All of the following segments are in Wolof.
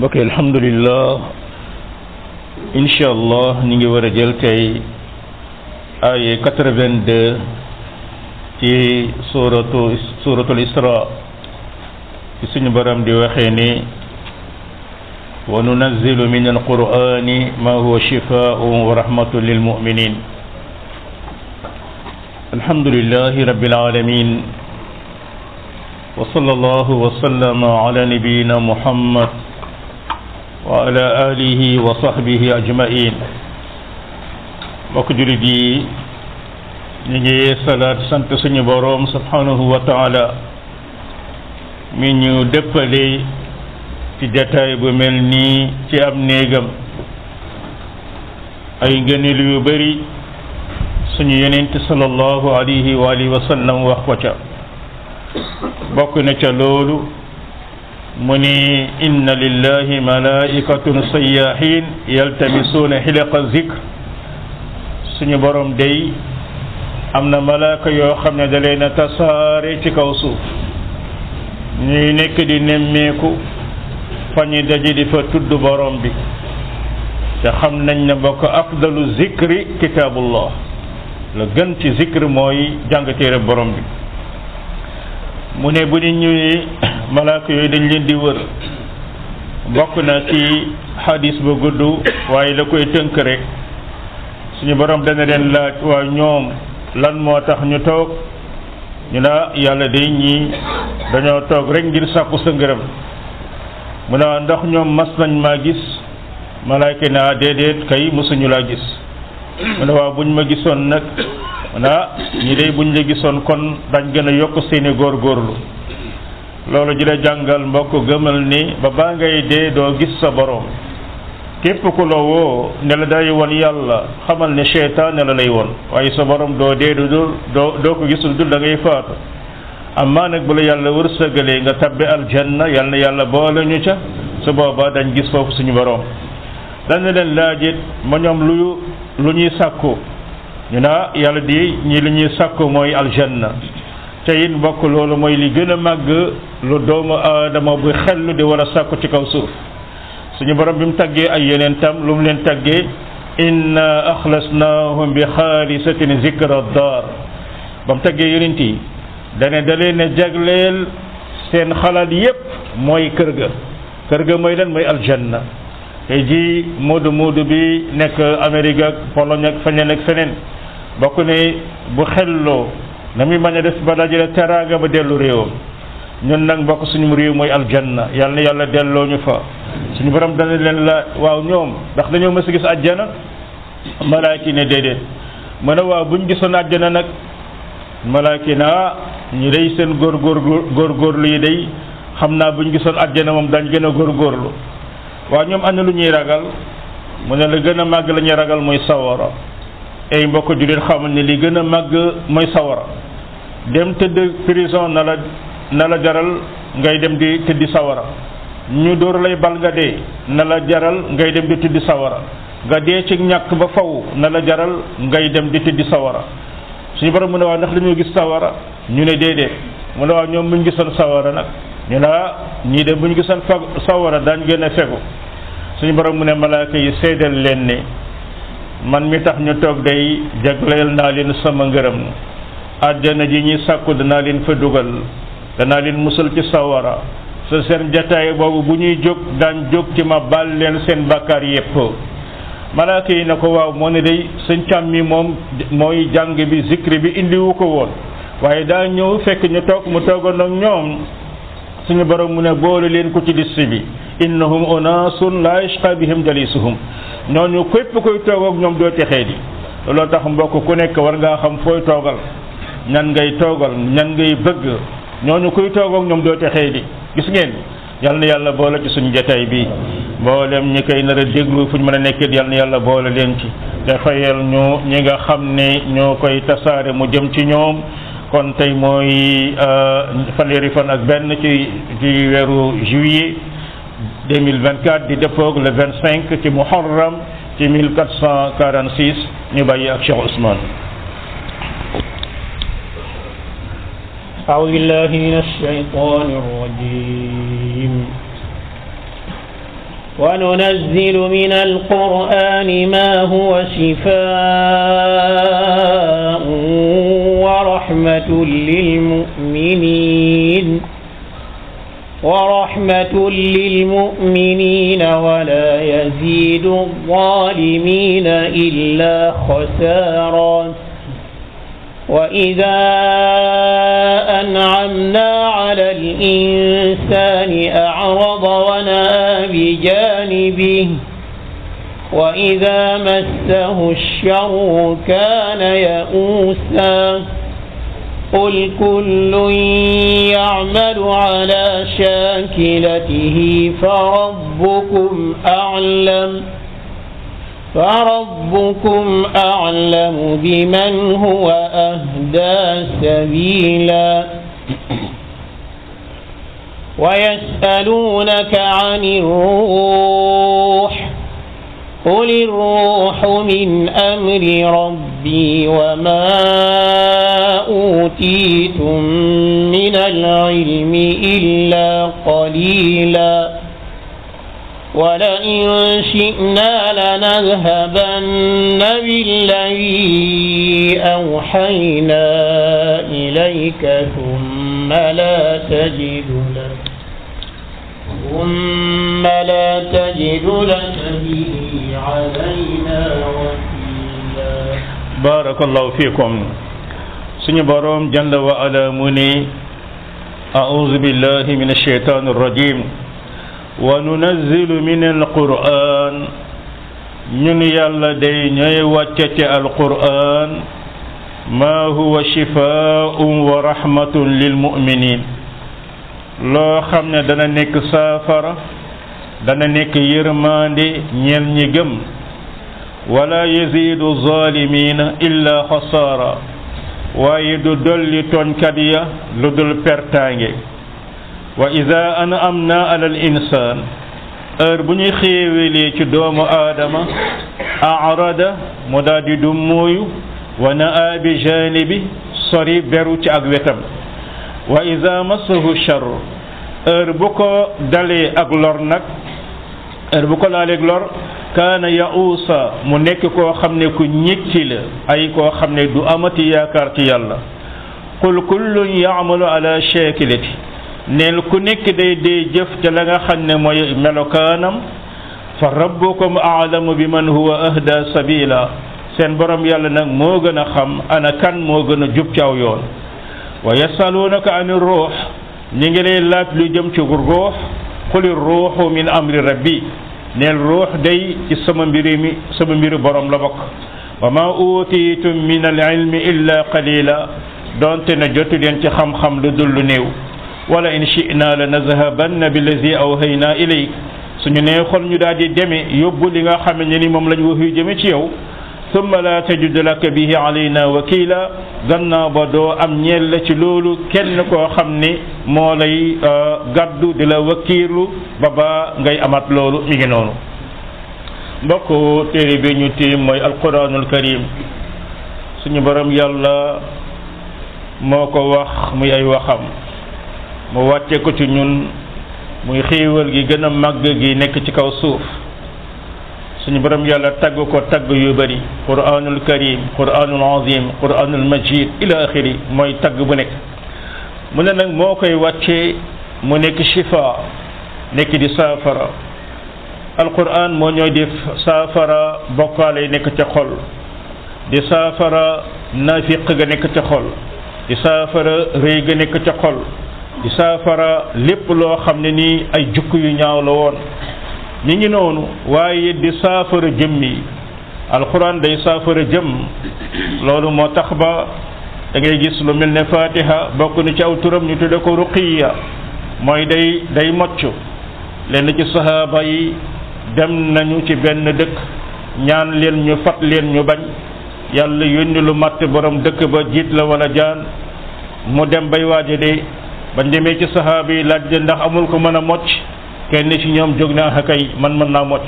بكي الحمد لله ان شاء الله نيجي ورا جلتي اي 82 تي سوره سوره الاسراء في سن برام دي وخيني وننزل من القران ما هو شفاء ورحمه للمؤمنين الحمد لله رب العالمين وصلى الله وسلم على نبينا محمد wa ala alihi wa sahbihi ajmain mbokk jullit yi ñu ngi salaat sant suñu boroom subhanahu wa taala mi ñu dëppale ci jataay bu mel nii ci ab néegam ay ngëneel yu bari suñu yonent sallallahu alayhi wa alihi wa sallam wax ko ca bokk na ca loolu مني إن لله ملائكة سياحين يلتمسون حلق الذكر سني بروم دي أمنا ملائكة يوخمنا دلينا تساري تكوصوف ني نك دي نميكو فني دجي دي فتد بروم بي تخمنا نبك أفضل الذكر كتاب الله لغنتي ذكر موي جانتي بروم بي mu ne bu ñu ñëwee malaaka yooyu dañ leen di wër bokk na ci xadis ba gudd waaye la koy tënk rek suñu borom dana leen laaj waa ñoom lan moo tax ñu toog ñu naa ah, yàlla day ñii dañoo toog rek ngir sàkku sa ngërëm mu naa ah, ndax ñoom mas nañ maa gis malaaka naa ah, déedéet kay mësuñu laa gis mu ne waaw buñ ma gisoon nag na ñi day buñ la gisoon kon dañ gën a yokk seeni góorgóorlu loolu ji jàngal mbokk gëmal ni ba baa ngay dee doo gis sa boroom képp ku la woo ne la day woon yàlla xamal ne seytaan ne la lay woon waaye sa boroom doo dee du dul doo doo ko gisul dul da ngay faatu amma nag bu la yàlla wërsëgalee nga tabbi aljanna yal na yàlla boole ñu ca su booba dañ gis foofu suñu boroom dañ leen laajit ma lu ñuy sàkku ñu naa ah, yàlla di ñi li ñuy sàkk mooy aljanna te it mbokk loolu mooy li gën a màgg lu doomu aadama bu xellu di war a sàkku ci kaw suuf suñu borom bi mu tàggee ay yeneen tam lu mu leen tàggee inna axlasnaahum bi xaalisatin zikra daar ba mu tàggee yonent yi dane da leen jagleel seen xalaat yépp mooy kër ga kër ga mooy lan mooy aljanna tey ji moodu moodu bi nekk Amérique ak Pologne ak feneen ak feneen bokk ni bu xelloo na muy mën a def ba dajale teraanga ba dellu réewam ñun nag mbokk suñu réew mooy aljanna yàlla na yàlla delloo ñu fa suñu borom dana leen la waaw ñoom ndax dañoo mës a gis àjjana kii ne déedéet ma ne waaw buñ gisoon àjjana nag kii ne ah ñu day seen góor góorgóorlu yi day xam naa bu ñu gisoon àjjana moom dañ gën a góor góorlu waaw ñoom am na lu ñuy ragal mu ne la gën a màgg la ñuy ragal mooy sawara ay mbokk jullit xamal ne li gën a màgg mooy sawara dem tëdd prison na la na la jaral ngay dem di tëddi sawara ñu dóor lay bal nga dee na la jaral ngay dem di tëddi sawara nga dee ci ñàkk ba faw na la jaral ngay dem di tëddi sawara suñu borom mu ne waaw ndax dañoo gis sawara ñu ne déedéet mu ne waa ñoom bu ñu gisoon sawara nag ñu ne ah, ñii de bu ñu gisoon fa sawara daañ gën a fegu suñu borom mu ne malaaka yi seedal leen ne man mi tax ñu toog day jagleel naa leen sama ngërëm àjjana ji ñuy sàkku dana leen fa dugal danaa leen musal ci sawara sa seen jataay boobu bu ñuy jóg daan jóg ci ma baal leen seen bàkkaar yépp malaaka yi na ko waaw moo ne day sëñ càmm mi moom mooy jàng bi zikri bi indiwu ko woon waaye daa ñëw fekk ñu toog mu toogoon ak ñoom suñu borom mu ne boole leen ko ci liste bi innahum unaasun laa yashqa bihim jalisuhum ñooñu képp koy toog ak ñoom doo texee di looloo tax mbokk ku nekk war ngaa xam fooy toogal ñan ngay toogal ñan ngay bëgg ñooñu kuy toogook ñoom doo texee di gis ngeen yal yàlla boole ci suñu jotaay bi mboolem ñi koy nar déglu fu ñu mën a nekkee yal yàlla boole leen ci dafayal ñu ñi nga xam ne ñoo koy tasaare mu jëm ci ñoom kon tey mooy euh, fanweeri fan ak benn ci ci weeru juillet 2024 di dëppoog le 25 ci muharram ci 1446 ñu bàyyi ak Cheikh Ousmane أعوذ بالله من الشيطان الرجيم وننزل من القرآن ما هو شفاء ورحمة للمؤمنين ورحمة للمؤمنين ولا يزيد الظالمين إلا خسارا وإذا أنعمنا على الإنسان أعرض ونأى بجانبه وإذا مسه الشر كان يئوسا قل كل يعمل على شاكلته فربكم أعلم فربكم أعلم بمن هو أهدى سبيلا ويسألونك عن الروح قل الروح من أمر ربي وما أوتيتم من العلم إلا قليلا ولئن شئنا لنذهبن بالذي أوحينا إليك ثم لا تجد لك ثم لا تجد لك به علينا وكيلا بارك الله فيكم سني بروم جل وعلا مني أعوذ بالله من الشيطان الرجيم وننزل من القرآن من يلا ديني وكت القرآن ما هو شفاء ورحمة للمؤمنين loo xam ne dana nekk saafara dana nekk yërmande ñeel ñi gëm wala yazidu zalimina illa xasaara waaye du dolli tooñkat ya lu dul pertaange wa ana am na alal insaan heure bu ñuy xéewalee ci doomu aadama arada mu daal di du muuyu wa naa bi janibi sori beru ci ak wetam wa ida massahu charru heure bu ko dalee ak lor nag heure bu ko laaleeg lor kaana yauusa mu nekk koo xam ne ku ñicci la ay koo xam ne du amati yaakaar ci yàlla qul kullun yaamalu ala shakilati neel ku nekk day dee jëf te la nga xam ne mooy melokaanam fa rabbukum aalamu bi man huwa ahda sabila seen borom yàlla nag moo gën a xam ana kan moo gën a jub ci aw yoon wa yasaluunaka ani ruux ñi ngi lay laaj lu jëm ci ruux xuli ruuxu min amri rabbi neel ruux day ci sama mbiri mi sama mbiru borom la bokk wa ma utiitum min al ilmi illa qalila doonte na jotu leen ci xamxam xam lu dul lu néew wala in shina la nazhabanna billazi awhayna ilayk suñu nee xool ñu daal di demee yóbbu li nga xam ne ni moom lañ wax yu jëme ci yow summa laa tajid laka bihi alayna wakila gannaaw ba am ñeel ci loolu kenn koo xam ni moo lay euh, gàddu di la wakiirlu ba ngay amat loolu mi ngi noonu mbokk téere bi ñu tiim mooy alquranul karim suñu borom yàlla moo ko wax muy ay waxam mu wàcce ko ci ñun muy xéewal gi gën a màgg gi nekk ci kaw suuf suñu borom yàlla tagg ko tagg yu bëri quranul karim quranul azim quranul majid ila axiri mooy tagg bu nekk mu ne nag moo koy wàccee mu nekk shifa nekk di saafara alquran moo ñooy def saafara bokkaale nekk ca xol di saafara naafiq ga nekk ca xol di saafara rëy ga nekk ca xol di saafara lépp loo xam ne nii ay jukk yu ñaaw la woon ñi ngi noonu waaye di saafara jëmm yi alxuraan day saafara jëmm loolu moo tax ba dangay gis lu mel ne fatiha bokk na ci aw turam ñu tudde ko ruqiya mooy day day mocc lenn ci sahaaba yi dem nañu ci benn dëkk ñaan leen ñu fat leen ñu bañ yàlla yónni lu matt borom dëkk ba jiit la wala jaan mu dem bay waaja de bañ demee ci sahaaba yi laaj de ndax amul ko mën a mocc kenn ci ñoom jóg na ah kay man mën naa mocc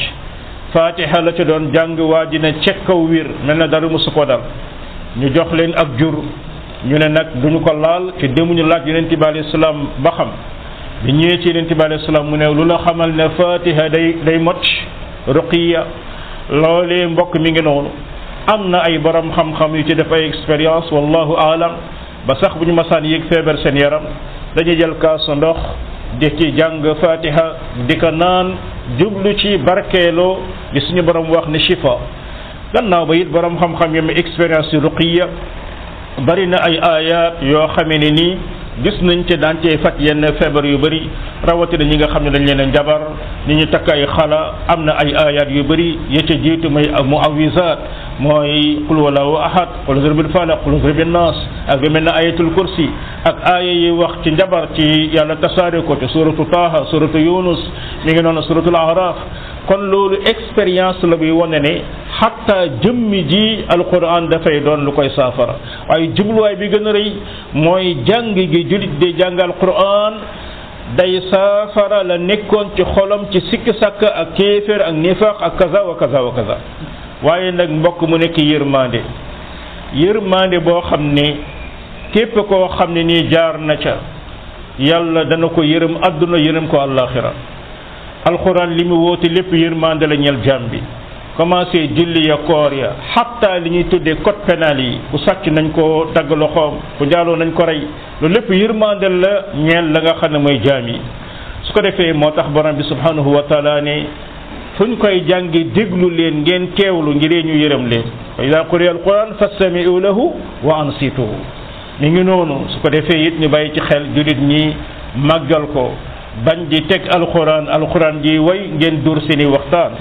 faatiha la ca doon jàng waa ji ne ceg kaw wiir mel na dara musu ko dal ñu jox leen ak jur ñu ne nag duñu ko laal te demuñu laaj yonent bi alayhi salaam ba xam bi ñëwee ci yonent bi alayhi salaam mu ne lu la xamal ne faatiha day day mocc ruqiya loolee mbokk mi ngi noonu am na ay borom xam-xam yu ci def ay expérience wallahu aalam ba sax bu ñu masaan yéeg feebar seen yaram dañuy jël kaasu ndox di ci jàng fatiha di ko naan jublu ci barkeeloo li suñu borom wax ne shifa gannaaw ba it borom xam-xam yi expérience yu ruqiya bari na ay ayat yoo xamee ne nii gis nañ ci daan cee fat yenn feebar yu bëri rawatina ñi nga xam ne dañ leen a jabar ni ñu takk ay xala am na ay ayat yu bari ya ca jiitu may muawisat mooy qul walahu ahad qul zirbil falaq qul zirbil nas ak yu mel na ayatul kursi ak aya yi wax ci njabar ci yàlla tasaare ko ci suratu taha suratu yunus mi ngi noonu suratul araf kon loolu expérience la buy wane ne xatta jëmmi ji alquran dafay doon lu koy saafara waaye jubluwaay bi gën a rëy mooy jàng gi jullit di jàng alquran day saafara la nekkoon ci xolam ci sikki sàkk ak kéeféer ak nifaq ak kaza wa kaza wa kaza waaye nag mbokk mu nekk yërmande yërmande boo xam ne képp koo xam ne nii jaar na ca yàlla dana ko yërëm àdduna yërëm ko àllaaxira alxuraan li mu woote lépp yërmande la ñeel jaam bi commencé julli ya koor ya xatta li ñuy tuddee code pénal yi ku sàcc nañ ko dagg loxoom ku njaaloo nañ ko rey loolu lépp yërmande la ñeel la nga xam ne mooy jaam yi su ko defee moo tax borom bi subhanahu wa ne fu ñu koy jàngi déglu leen ngeen teewlu ngiree ñu yërëm leen fa ida quriya alquran fastamiu lahu wa ansitu mi ngi noonu su ko defee it ñu bàyyi ci xel jullit ñi màggal ko bañ di tek alquran alquran di way ngeen dur seni waxtaan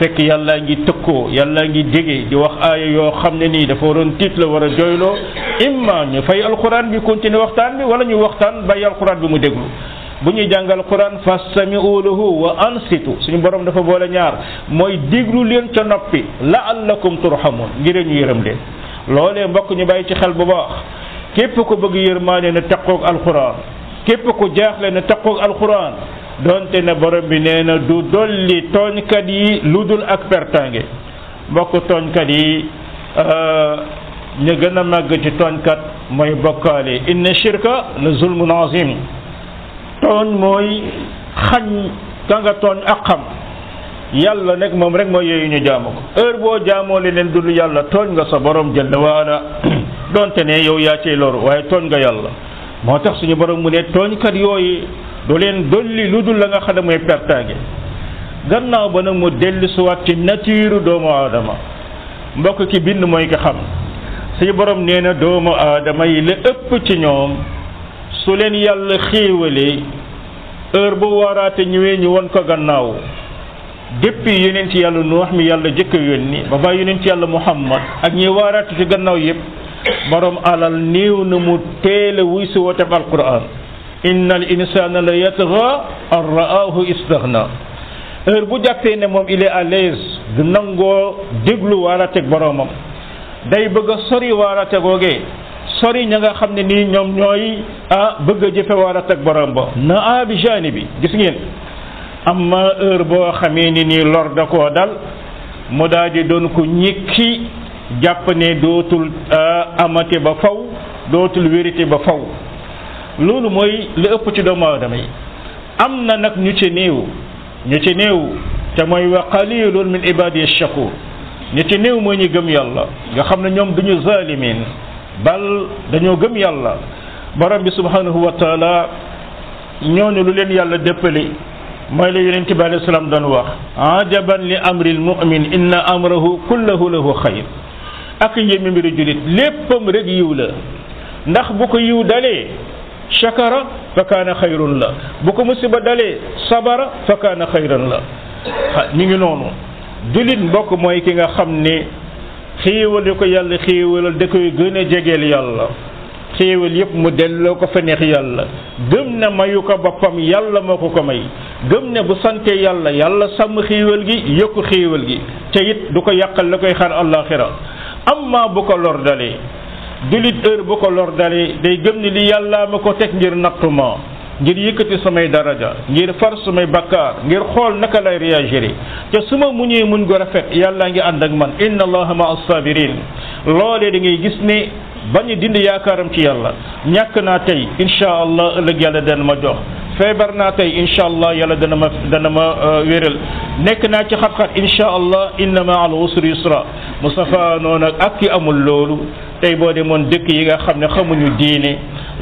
fekk yalla ngi tekko yalla ngi djegge di wax aya yo xamne ni dafa won titre wara joylo imma ñu fay alquran bi continue waxtaan bi wala ñu waxtaan bay alquran bi mu deglu bu ñuy jàngal quran fastami'u lahu wa ansitu suñu borom dafa boole ñaar mooy déglu leen ca noppi la allakum turhamun ngir ñu yërëm de loolee mbokk ñu bàyyi ci xel bu baax képp ko bëgg yërmaane na teqoog alquran képp ku jaaxle na taqoog alquran donte ne borom bi nee na du dolli tooñkat yi lu dul ak pertange mbokk tooñkat yi euh, ñu gën a màgg ci tooñkat mooy bokkaale inna shirka la zulmun azim tooñ mooy xañ ka tooñ ak xam yàlla nag moom rek mooy yooyu ñu jaamu ko heure boo jaamoo leen dul yàlla tooñ nga sa borom jël waala donte ne yow yaa cey loru waaye tooñ nga yàlla moo tax suñu borom mu ne tooñkat yooyu du leen dolli lu dul la nga xam ne mooy pertaange gannaaw ba nag mu dellu suwaat ci nature doomu aadama mbokk ki bind mooy ko xam suñu borom nee na doomu aadama yi la ëpp ci ñoom su leen yàlla xéewalee heure bu waaraate ñëwee ñu won ko gannaaw depuis ci yàlla nu wax mi yàlla jëkk yónni ba bàyyi ci yàlla Muhammad ak ñi waaraate ci gannaaw yépp borom alal néew na mu teel a wuy si wooteb alquran al insana la yatgha an raahu istaghna heure bu jàppee ne moom il est du nangoo déglu waaraateeg boromam day bëgg a sori waaraate googee sori ña nga xam ne nii ñoom ñooy a bëgg a jëfe waaraateeg borom ba na bi jaani bi gis ngeen am na boo xamee ni nii lor koo dal mu daal doon ko ñikki jàpp ne dootul euh, amate ba faw dootul wérité ba faw loolu mooy li ëpp ci doomu aadama am na nag ñu ci néew ñu ci néew te mooy wa qalilun min ibadiy shakur ñu ci néew mooy ñu gëm yàlla nga xam ne ñoom duñu zalimin bal dañoo gëm yàlla borom bi subhanahu wa taala ñooñu lu leen yàlla dëppali mooy la yonent bi alayhi salaam doon wax ajaban li amril mu'min inna amrahu kullahu lahu xayr ak yéeme mbiru jullit léppam rek yiw la ndax bu ko yiw dalee shakara fa kaana xayrun la bu ko musiba dalee sabara fa kaana xayrun la ñu ngi noonu jullit mbokk mooy ki nga xam ni xéewal yu ko yàlla xéewalal da koy gën a jegeel yàlla xéewal yëpp mu delloo ko fa neex yàlla gëm na mayu ko boppam yàlla moo ko ko may gëm ne bu sante yàlla yàlla sàmm xéewal gi yokk xéewal gi te it du ko yàqal la koy xaar àllaaxira amma bu ko lor dalee jullit heure bu ko lor dalee day gëm ni li yàllaa ma ko teg ngir nattuma ngir yëkkati samay daraja ngir far sumay bakkaar ngir xool naka lay réagir te su ma muñee muñ go rafet yàllaa ngi ànd ak man inna allaha ma assabirin loolee da ngay gis ne bañu dindi yaakaaram ci yàlla ñàkk naa tey incha allah ëllëg yàlla dana ma jox feebar naa tey incha allah yàlla dana ma dana ma euh, wéral nekk naa ci xat-xat incha allah inna al usri yusra mu safaanoo nag ak ki amul loolu tey boo demoon dëkk yi nga xam ne xamuñu diine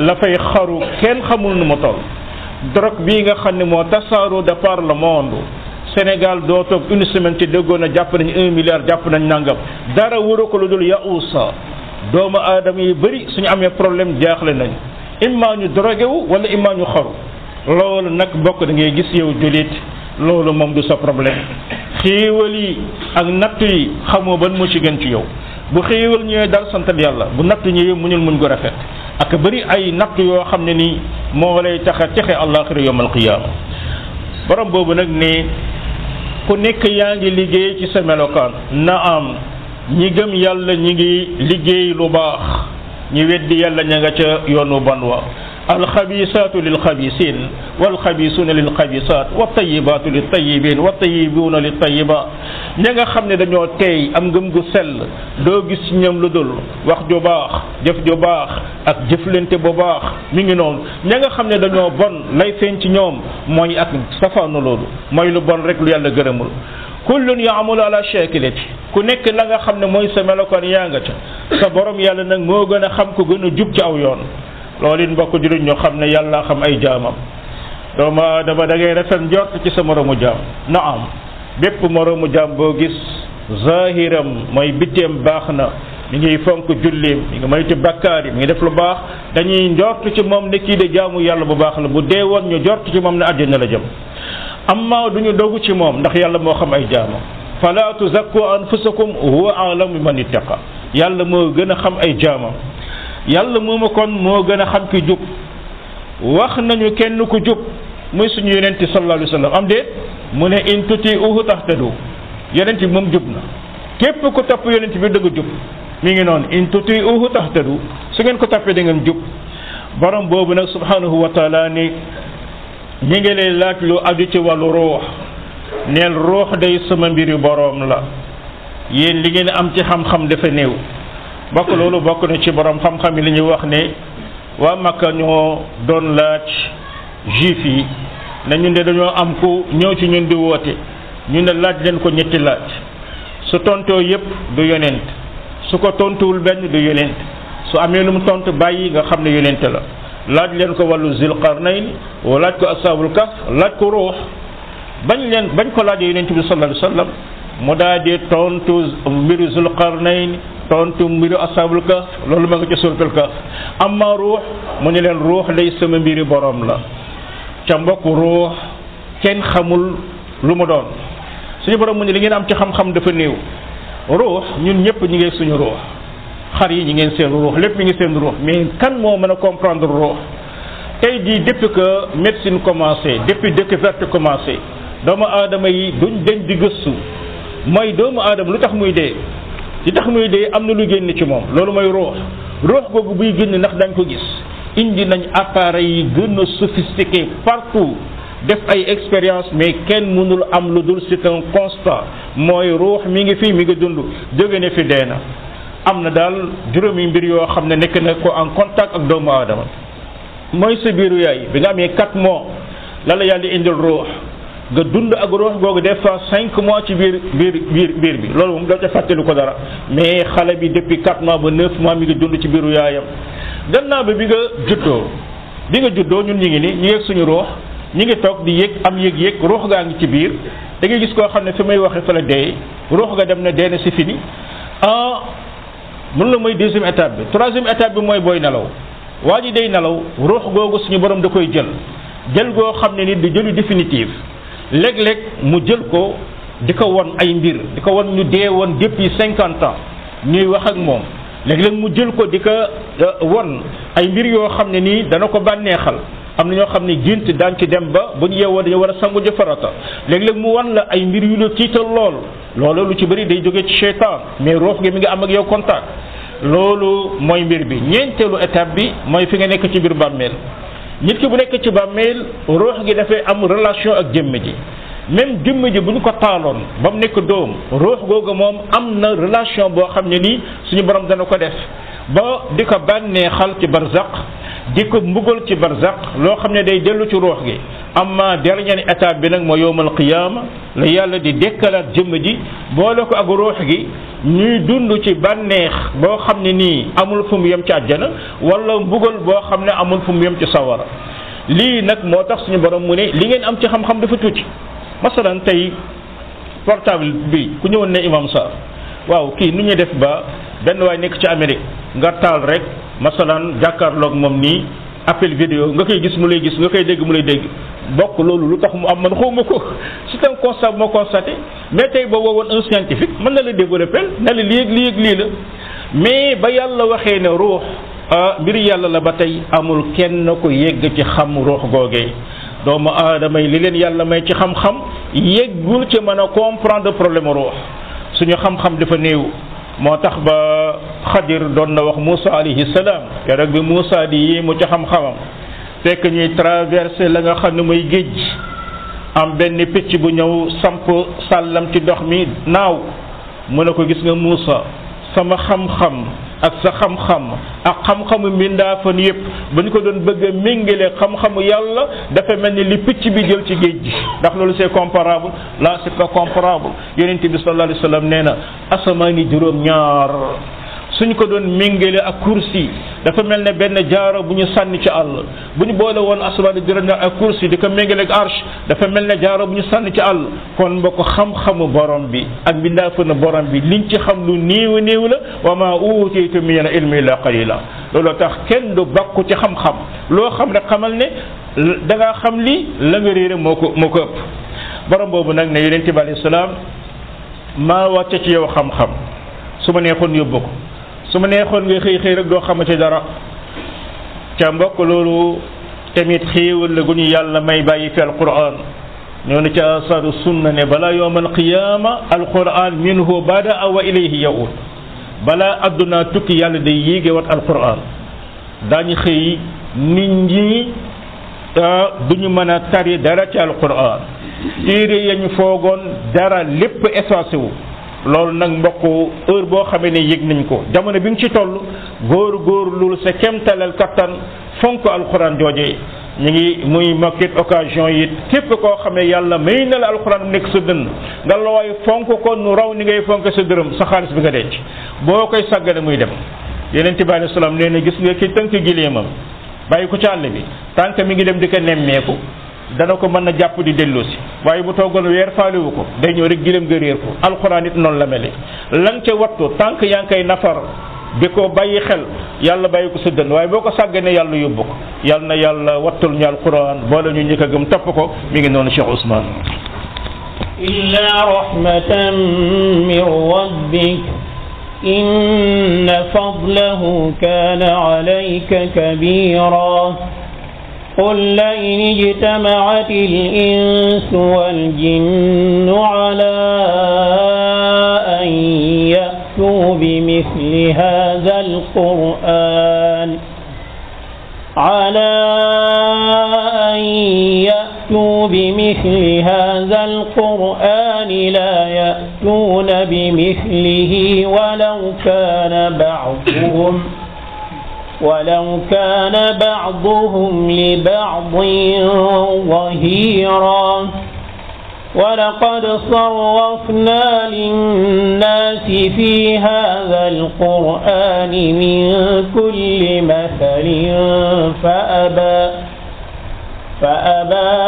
la fay xaru kenn xamul nu ma toll drogue bii nga xam ne moo tasaaroo de par le monde Sénégal doo toog une semaine ci déggoon na jàpp nañu un milliard jàpp nañ nàngam dara wóoru ko lu dul sa doomu aadama yi bëri suñu amee problème jaaxle nañ immaa ñu drogué wu wala immaa ñu xaru loolu nag bokk da ngay gis yow jullit loolu moom du sa problème xéewal yi ak natt yi xamoo ban moo ci gën ci yow bu xéewal ñëwee dal santal yàlla bu natt ñëwee muñul muñ ko rafet ak bëri ay natt yoo xam ne nii moo lay tax a texe àllaaxira yawmal qiyaama borom boobu nag ne ku nekk yaa ngi liggéey ci sa melokaan na am ñi gëm yàlla ñi ngi liggéey lu baax ñi weddi yàlla ña nga ca yoonu ban wa alxabisaatu lilxabisin walxabisuuna lilxabisaat waltayibaatu liltayibin waltayibuuna liltayibaat ña nga xam ne dañoo teey am ngëm gu sell doo gis ñoom lu dul wax ju baax jëf ju baax ak jëflante bu baax mi ngi noonu ña nga xam ne dañoo bon lay feeñ ci ñoom mooy ak safaanu loolu mooy lu bon rek lu yàlla gërëmul kullun yaamalu ala shakilati ku nekk la nga xam ne mooy sa melokaan yaa nga ca sa borom yàlla nag moo gën a xam ko gën a jub ci aw yoon loolu mbokk jullit ñu xam ne yàlla xam ay jaamam doomu aadama da ngay njort ci sa moroomu jaam naam bépp moroomu jaam boo gis zahiram mooy bitteem baax na mi ngi fonk julli mi ngi moytu bakkaar yi mi ngi def lu baax dañuy njort ci moom ne kii de jaamu yàlla bu baax la bu dee woon ñu njort ci moom ne àjjana la jëm amma duñu dogu ci moom ndax yàlla moo xam ay jaamam fala tuzakku anfusakum huwa alamu man ittaqa yàlla moo gën a xam ay jaamam yàlla ma kon moo gën a xam ki jub wax nañu kenn ku jub muy suñu yonent solo alayhi wa am déet mu ne in tuti uhu tahtadu yonent bi moom jub na képp ku topp yonent bi dëgg jub mi ngi noon in tuti uhu tahtadu su ngeen ko toppee dangeen ngeen jub borom boobu nag subhanahu wa taala ni ñi ngi lay laaj lu aju ci wàllu ruux neel ruux day sama mbiri borom la yéen li ngeen am ci xam-xam dafa néew bokk loolu bokk na ci boroom xam-xam yi li ñuy wax ne waa Makka ñoo doon laaj juif yi ne ñun de dañoo am ku ñëw ci ñun di woote ñu ne laaj leen ko ñetti laaj su tontoo yépp du yonent su ko tontuwul benn du yonent su amee lu mu tontu bàyyi nga xam ne yonent la laaj leen ko wàllu Zulqarnayn laaj ko asaabul kaf laaj ko ruux bañ leen bañ ko laajee yonent bi sallallahu alayhi wa sallam mu daal di tontu mbiru zulqarnayn tontu mbiru ashabul kahf loolu ma nga ci suratul kahf amma ruux mu ne leen ruux lay sama mbiri boroom la ca mbokk ruux kenn xamul lu ma doon suñu borom mu ne li ngeen am ci xam-xam dafa néew ruux ñun ñëpp ñu ngi suñu ruux xar yi ñi ngeen seen ruux lépp mi ngi seen ruux mais kan moo mën a comprendre ruux tey jii depuis que médecine commencé depuis découverte commencé doomu aadama yi duñ dañ di gëstu mooy doomu aadama lu tax muy dee li tax muy dee am na lu génn ci moom loolu mooy ruux ruux googu buy génn ndax dañ ko gis indi nañu appareil yi gën a sophistiqué partout def ay expérience mais kenn mënul am lu dul c'est un constat mooy ruux mi ngi fii mi ngi dund jóge ne fi dee na am na daal juróomi mbir yoo xam ne nekk na ko en contact ak doomu aadama mooy sa biiru yaay bi nga amee 4 mois lala yàlla indil ruux nga dund ak ruux googu def fois cinq mois ci biir biir biir biir bi loolu moom doo ca fàttali ko dara mais xale bi depuis quatre mois ba neuf mois mi ngi dund ci biiru yaayam gannaaw bi bi nga juddoo bi nga juddoo ñun ñu ngi nii ñu ngi suñu ruux ñu ngi toog di yéeg am yéeg yéeg ruux gaa ngi ci biir da ngay gis koo xam ne fi may waxee fa la dee ruux ga dem na dee na si fini ah mun la mooy deuxième étape bi troisième étape bi mooy booy nelaw waa ji dey nelaw ruux googu suñu borom da koy jël jël goo xam ne nit di jëlu définitive léeg-léeg mu jël ko di ko wan ay mbir di ko wan ñu dee woon depuis cinquante ans ñuy wax ak moom léeg-léeg mu jël ko di ko euh, wan ay mbir yoo xam ne nii dana ko bànneexal am na ñoo xam ne gént daan ci dem ba ba ñu yeewoo dañu war a sangu jëfarata léeg-léeg mu wan la ay mbir yu la tiital lool loolu lu ci bëri day jóge ci seytaan mais roox gi mi ngi am ak yow contact loolu mooy mbir bi ñeenteelu étape bi mooy fi nga nekk ci biir bàmmeel nit ki bu nekk ci bàmmeel ruux gi dafay am relation ak jëmm ji même jëmm ji bu ñu ko taaloon ba mu nekk doom ruux googu moom am na relation boo xam ne nii suñu borom dana ko def ba di ko bànneexal ci barzaq di ko mbugal ci barzaq loo xam ne day dellu ci ruux gi amma dernière étape bi nag mooy yowmal qiyaama la yàlla di dekkalaat jëmm ji boole ko ak ruux gi ñuy dund ci bànneex boo xam ne nii amul fu mu yem ci àjjana wala mbugal boo xam amul fu mu yem ci sawara lii nag moo suñu borom mu ne li ngeen am ci xam-xam dafa tuuti masalan tay portable bi ku ñëwoon ne imam sa waaw ki nu ñu def ba benn waay nekk ci amérique nga taal rek masalan jàkkaarloog moom nii appel vidéo nga koy gis mu lay gis nga koy dégg mu lay dégg bokk loolu lu tax mu am man xawma ko c'est un constat bu ma constaté mais tey boo woowoon un scientifique mën na la développé na la lii ak lii mais ba yàlla waxee ne ruux ah, mbir yàlla la ba tey amul kenn ko yegg ci xam ruux googee doomu aadama yi li leen yàlla may ci xam-xam yeggul ci mën a comprendre problème ruux suñu xam-xam dafa néew moo tax ba xadir doon na wax Moussa alayhi salaam keroog bi Moussa di mu ca xam-xamam fekk ñuy traversé la nga xam ne mooy géej am benn picc bu ñëw samp sàllam ci ndox mi naaw mu ne ko gis nga Moussa sama xam-xam ak sa xam-xam ak xam-xamu mbindaafan yépp ba ñu ko doon bëgg a méngale xam-xamu yàlla dafa mel ni li picc bi jël ci géej gi ndax loolu c'est comparable laa c'est pas comparable yonent bi sallallahu alayhi wa sallam nee na asamaani juróom-ñaar suñ ko doon méngale ak kursi dafa mel ne benn jaaro bu ñu sànni ci àll bu ñu boole woon asmaan juróom ñaar ak kursi di ko méngale ak arche dafa mel ne jaaro bu ñu sànni ci àll kon ba xam-xamu borom bi ak na borom bi liñ ci xam lu néew néew la wa ma utiitu min ilmi illa qalila loolu tax kenn du bakku ci xam-xam loo xam rek xamal ne da ngaa xam li la nga réere moo ko moo ko ëpp borom boobu nag ne yonente bi salaam maa wàcce ci yow xam-xam su ma neexoon yóbbu ko su ma neexoon nga xëy xëy rek doo xam xamante dara ca mbokk loolu tamit xéewal la gu ñu yàlla may bàyyi fi alquran noonu ca asaru sunna ne balaa yowm alqiyaama alquran minhu badaa wa ilayhi yaud balaa addunaa tukki yàlla day yéege wat alquran daañu xëy nit ñi ah, du ñu mën a tari dara ci alquran téere yañu foogoon dara lépp effacé wu loolu nag mbokk heure boo xamee ne yëg nañ ko jamono bi nga ci toll góor góor loolu sa kemtalal kattan fonk alxuraan jooje ñu ngi muy mokkit occasion yi képp koo xam ne yàlla may na la alxuraan nekk sa dënn nga looy fonk kon nu raw ni ngay fonk sa dërëm sa xaalis bi nga denc boo koy sàggane muy dem yeneen bi alei salaam nee na gis nga ki tënk gileemam bàyyi ko ci àll bi tànk mi ngi dem di ko nemmeeku dana ko mën a jàpp di delloo si waaye bu toogoon weer faaliwu ko day ñëw rek gilam nga réer ko alxuraan it noonu la mele la nga ca wattu tànk yaa ngi koy nafar di ko bàyyi xel yàlla bàyyi ko sa dënn waaye boo ko sàggane yàlla yóbbu ko yàlla na yàlla wattul ñu alquran boole ñu ñi ko gëm topp ko mi ngi noonu cheikh ousmane illa rahmatan min rabbik إن فضله كان عليك كبيرا قل لئن اجتمعت الإنس والجن على أن يأتوا بمثل هذا القرآن على أن يأتوا بمثل هذا القرآن لا يأتون بمثله ولو كان بعضهم ولو كان بعضهم لبعض ظهيرا ولقد صرفنا للناس في هذا القرآن من كل مثل فأبى فأبى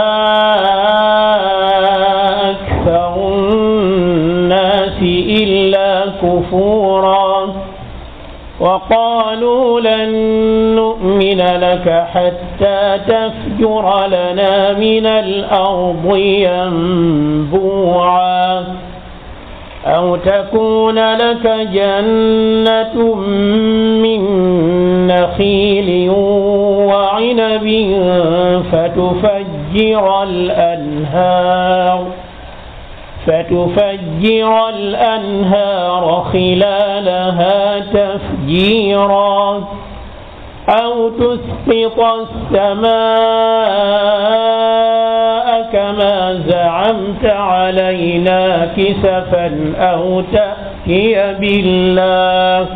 أكثر الناس إلا كفوراً وقالوا لن نؤمن لك حتى تفجر لنا من الأرض ينبوعا أو تكون لك جنة من نخيل وعنب فتفجر الأنهار فتفجر الأنهار خلالها تفجيرا أو تسقط السماء كما زعمت علينا كسفا أو تأتي بالله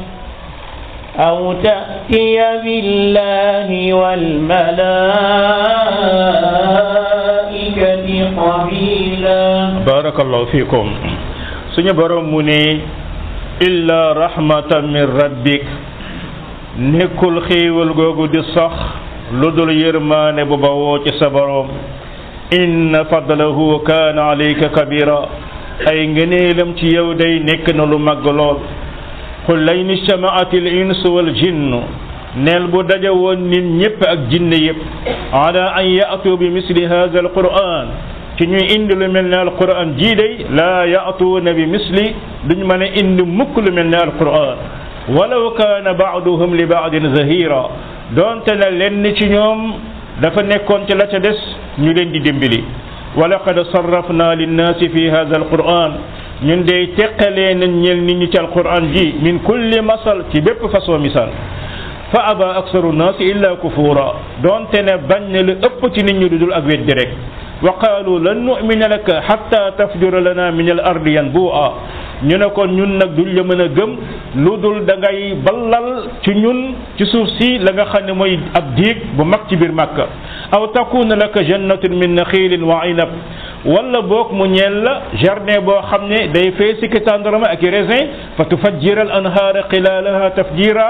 أو تأتي بالله والملائكة الملائكة قليلا بارك الله فيكم suñu borom mu ne illa rahmatan min rabbik nekkul xéewal googu di sax lu dul yërmaane bu bawoo ci sa borom inna fadlahu kaana alayka kabira ay ngëneelam ci yow day nekk na lu mag lool qul layn ijtamaat al insu wal jinnu نيل بو داجو نين نيب اك جين ييب على ان ياتوا بمثل هذا القران تي ني اند لو ملنا القران جي دي لا ياتوا نبي مثلي دني مانا اند موك لو ملنا القران ولو كان بعضهم لبعض زهيرا دونت لا لين تي نيوم دا فا نيكون تي لا تي ديس ني لين دي ديمبلي ولقد صرفنا للناس في هذا القران نين تيخالين نيل ني القران جي من كل مثل تي بيب فاسو مثال fa aba aksaru naasi illa kufura donte ne bañ ne lu ëpp ci nit ñi dudul ak weddi rek wa qaalu lan nu'mina laka hatta tafjura lana min al ardi yanbu'a ñu ne kon ñun nag duñ la mën a gëm lu dul da ngay ballal ci ñun ci suuf si la nga xam ne mooy ab diig bu mag ci biir màkka aw takuna laka jannatun min naxilin wa inab wala boog mu ñeel la jardin boo xam ne day feesi ki tàndarama ak i raisin fa tufajjira al anhaara qilaalaha tafjira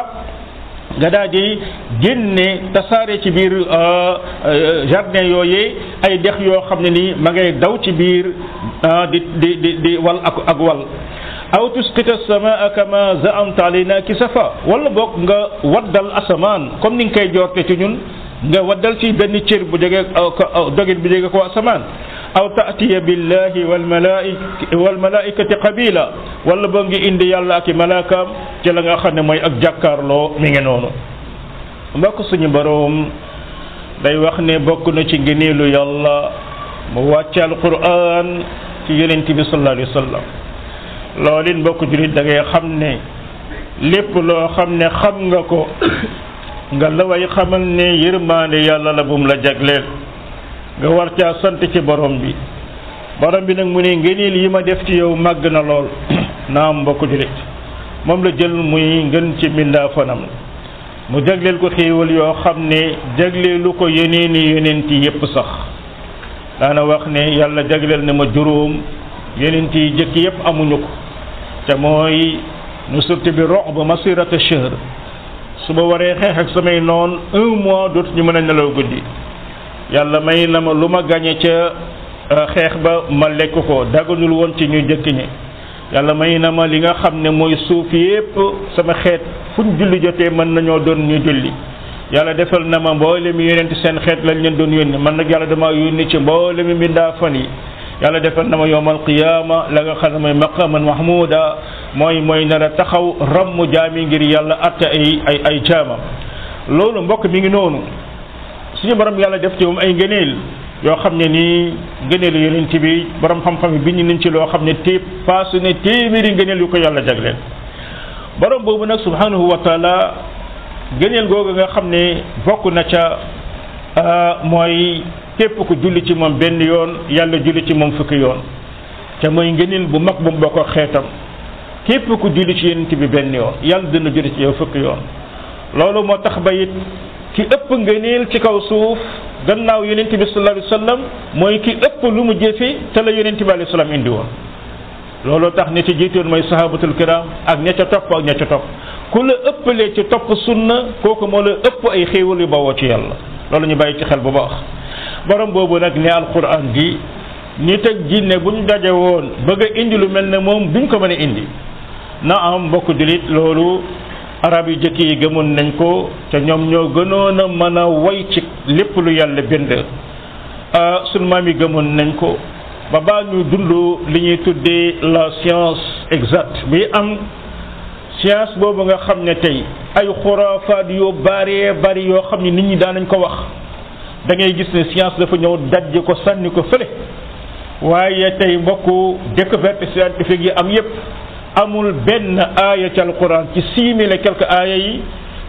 nga daal di génne tasaare ci biir jardin yooyee ay dex yoo xam ne nii ma ngay daw ci biir di di di di wal ak ak wal aw tusqita samaa kama zaamta alayna kisafa wala boog nga waddal asamaan comme ni nga koy joorte ci ñun nga waddal ci benn cër bu jege dogit bu jege ko asamaan aw taatiya billahi wal malaikati qabila wala ba ngi indi yàlla ak i malaakaam ci la nga xam ne mooy ak jàkkaarloo mi ngi noonu mbokk suñu boroom day wax ne bokk na ci ngëneelu yàlla mu wàcce alquran ci yonent bi sallallahu alayhi wa sallam loolu it mbokk jullit da xam ne lépp loo xam ne xam nga ko nga la way xamal ne yërmaande yàlla la bum la jagleel nga war caa sant ci borom bi borom bi nag mu ne ngëneel yi ma def ci yow màgg na lool naam mbokku jullit moom la jël muy ngën ci mbindaa fanam mu jagleel ko xéewal yoo xam ne jagleelu ko yeneeni yonent yépp sax daana wax ne yàlla jagleel na ma juróom yonent yi jëkk yépp amuñu ko te mooy nu surte bi rox ba masirata shahr su ma waree xeex ak samay noon un mois dootu ñu mën a nelaw guddi yàlla may na ma lu ma gañe ca euh, xeex ba ma lekk ko daganul woon ci ñu jëkk ñi yàlla may na ma li nga xam ne mooy suuf yépp sama xeet fu ñu julli jotee mën nañoo doon ñu julli yàlla defal na ma mboolem yonent seen xeet lañ leen doon yónni man nag yàlla damaa yónni ci mboolem mbindaa fan yi yàlla defal na ma yowmal qiyaama la nga xam ne mooy maqaman mahmuda mooy mooy nar a taxaw mu jaami ngir yàlla atte ay ay ay jaamam loolu mbokk mi ngi noonu suñu borom yàlla def ci moom ay ngëneel yoo xam ne nii gëneel yonent bi boroom xam-xam bi bind nañ ci loo xam ne té paasu ne téeméeri gëneel yu ko yàlla jagleel boroom boobu nag subhanahu wa taala gëneel googu nga xam ne bokk na ca mooy képp ku julli ci moom benn yoon yàlla julli ci moom fukki yoon te mooy ngëneel bu mag bu mu bokk ak xeetam képp ku julli ci yonent bi benn yoon yàlla dina julli ci yow fukk yoon loolu moo tax ba it ki ëpp ngëneel ci kaw suuf gannaaw yonent bi sallallahu alayhi wa sallam mooy kii ëpp lu mu jëfe te la yonent bi alayhi salaam indi woon looloo tax ña ca jiitoon mooy sahabatul kiram ak ña ca topp ak ña ca topp ku la ëppalee ci topp sunna kooku moo la ëpp ay xéewal yu bawoo ci yàlla loolu ñu bàyyi ci xel bu baax borom boobu nag ne alquran gi nit ak jinne bu ñu daje woon bëgg a indi lu mel ne moom duñ ko mën a indi na am mbokk jullit loolu arab yu jëkk yi gëmoon nañ ko te ñoom ñoo gënoon a mën a woy ci lépp lu yàlla bind euh, sunu maam yi gëmoon nañ ko ba baa ñu dund li ñuy tuddee la science exacte bi am science boobu nga xam ne tey ay xuraafaat yoo bëree bëri yoo xam ne nit ñi daanañ ko wax dangay gis ne science dafa ñëw dajj ko sànni ko fële waaye tey mbokku découverte scientifique yi am yépp amul benn aaya ci alquran ci six mille aaya yi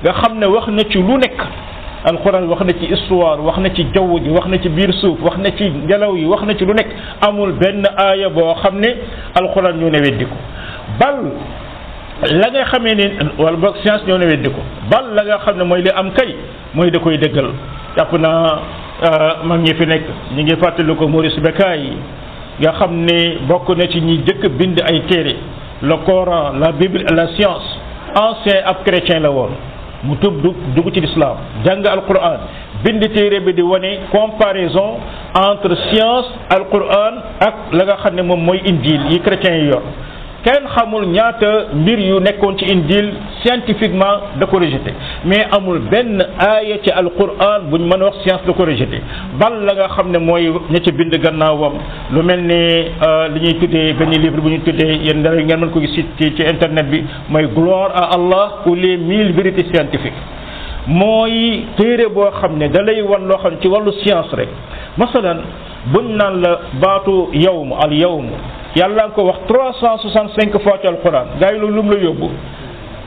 nga xam ne wax na ci lu nekk alquran wax na ci histoire wax na ci jaww ji wax na ci biir suuf wax na ci ngelaw yi wax na ci lu nekk amul benn aaya boo xam ne alquran ñoo ne weddi bal la nga xamee ne wala boog science ñoo ne weddi ko bal la nga xam ne mooy li am kay mooy da koy dëggal jàpp na euh, mag ñi fi nekk ñu ngi fàttali ko Maurice yi nga xam ne bokk na ci ñi jëkk bind ay téere le Coran la Bible la science ancien ab chrétien la woon mu tub du ci l'islam Al Quran, bind téere bi di woné comparaison entre science Al Quran, ak la nga xamné mom moy injil yi chrétiens yi yor kenn xamul ñaata mbir yu nekkoon ci injil scientifiquement da ko rejeté mais amul benn aaya ci alquran buñ mën a wax science da ko rejeté bal la nga xam ne mooy ña ci bind gannaawam lu mel ni euh, li ñuy tuddee benn livre bu ñuy tuddee yéen dara ngeen mën ko gis ci ci internet bi mooy gloire à Allah ou les mille vérités scientifiques mooy téere boo xam ne da wan loo xam ci wàllu science rek masalan buñ naan la baatu yawm al yawm yàlla ko wax 365 fois ci alquran gay lu lum la yóbbu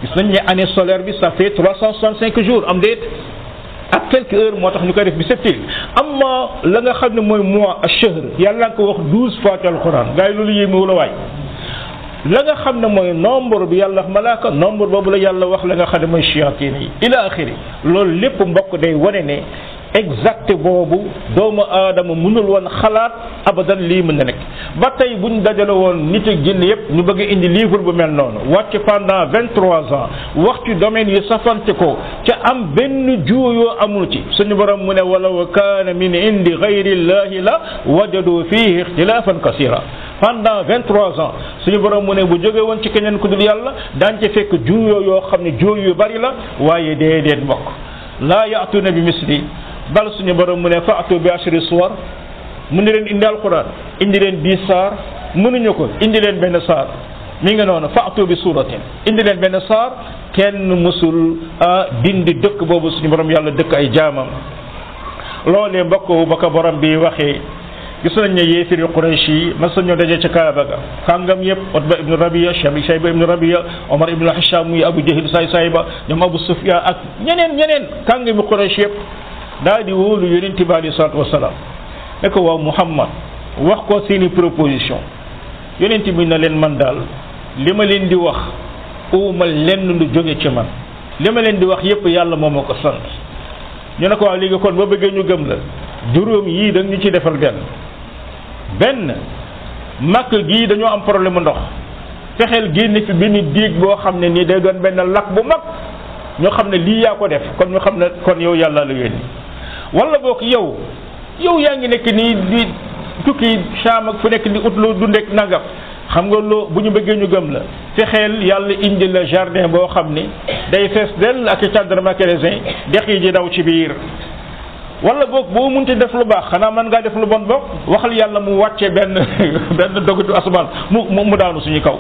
gis nañ ni année solaire bi ça fait 365 jours am déet ak quelques heures motax tax def bi septil amma la nga xamne moy mois a shahr yàlla ko wax 12 fois ci alquran gay lu loolu yéemewul a way la nga xamne moy nombre bi yàlla malaka nombre bobu la yàlla wax la nga xamne moy mooy ila akhiri lol lépp mbokk day wone ne exacte bobu doomu aadama mënul woon xalaat abadan lii mën na nekk ba tey buñ dajale woon nit ak jinn yépp ñu bëgg indi livre bu mel noonu wàcc pendant 23 ans wax ci domaine yu safante ko ca am benn juuyoo amul ci suñu borom mu ne wala kaana min indi gayri llahi la wajadu fihi ixtilafan kasira pendant 23 ans suñu borom mu ne bu jóge woon ci keneen ku dul yàlla daan ci fekk juuyoo yoo xam ne juuy yu bari la waaye déedéet mbokk laa yaatuna bi misli bal suñu borom mu ne faatu bi ashri suwar mu ni leen indi alquran indi leen dix saar mënuñu ko indi leen benn saar mi ngi noonu faatu bi suuratin indi leen benn saar kenn mësul dindi dëkk boobu suñu borom yàlla dëkk ay jaamam loolee mbokk ba ko borom bi waxee gis nañ ne yéefiri Quraysh yi mas ñoo daje ca Kaaba ga kàngam yëpp Utba ibnu Rabia Shabi Shayba ibnu Rabia Omar ibnu Hisham muy Abu Jahil saay saay ba ñoom Abu Sufyan ak ñeneen ñeneen kàngami Quraysh yëpp daal di wóolu yonent bi alayhi salaatu wasalaam ne ko waaw Muhammad wax ko seeni proposition yonent bi na leen man daal li ma leen di wax uumal lenn lu jóge ci man li ma leen di wax yépp yàlla moo ma ko sant ñu ne ko waaw léegi kon ba bëggee ñu gëm la juróom yii dañu ci defal benn benn màkk gii dañoo am problème ndox fexeel génn fi benn diig boo xam ne nii day doon benn lakk bu mag ñu xam ne lii yaa ko def kon ñu xam ne kon yow yàlla la yónni wala book yow yow yaa ngi nekk nii di tukki Saam ak fu nekk di ut loo dundee ak nangam xam nga loo bu ñu bëggee ñu gëm la fexeel yàlla indi la jardin boo xam ni day fees dell ak i tàndarma ak raisin dex yi di daw ci biir. wala boog boo munti def lu baax xanaa mën ngaa def lu bon boog waxal yàlla mu wàcce benn benn dogutu asamaan mu mu mu daanu suñu kaw.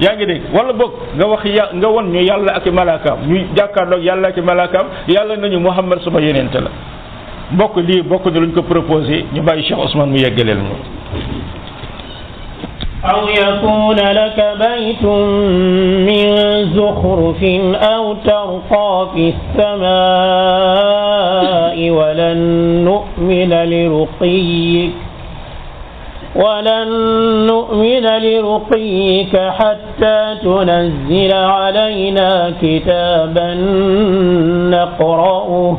yaa ngi dégg wala boog nga wax yà nga won ñu yàlla ak i malaakaam ñu jàkkaarloog yàlla ak i malaakaam yàlla nañu Muhammad sama yonent la. mbokk lii bokk na luñ ko proposé ñu bàyyi Cheikh Ousmane mu yeggaleel ñu أو يكون لك بيت من زخرف أو ترقى في السماء ولن نؤمن لرقيك ولن نؤمن لرقيك حتى تنزل علينا كتابا نقرأه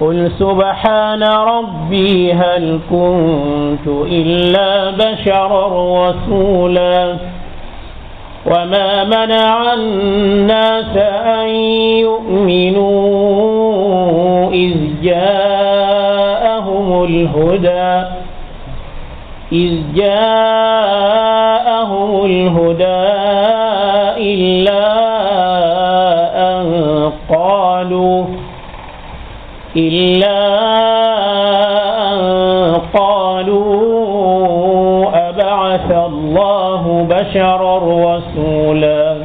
قل سبحان ربي هل كنت إلا بشرا رسولا وما منع الناس أن يؤمنوا إذ جاءهم الهدى إذ جاءهم الهدى إلا أن قالوا إلا أن قالوا أبعث الله بشرا رسولا